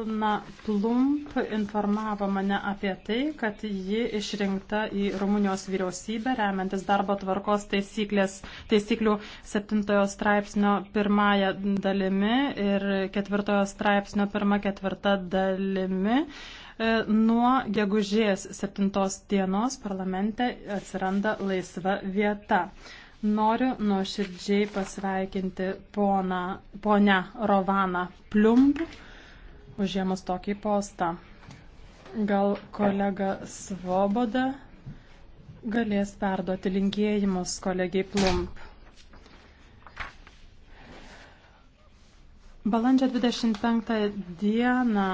Ona Plump informavo mane apie tai, kad ji išrinkta į Rumunijos vyriausybę, remiantis darbo tvarkos taisyklių 7 straipsnio pirmąją dalimi ir 4 straipsnio pirmą ketvirtą dalimi. E, nuo gegužės 7 dienos parlamente atsiranda laisva vieta. Noriu nuoširdžiai pasveikinti poną, ponę Rovaną Plump užėmus tokį postą. Gal kolega Svoboda galės perduoti linkėjimus kolegiai Plump. Balandžio 25 dieną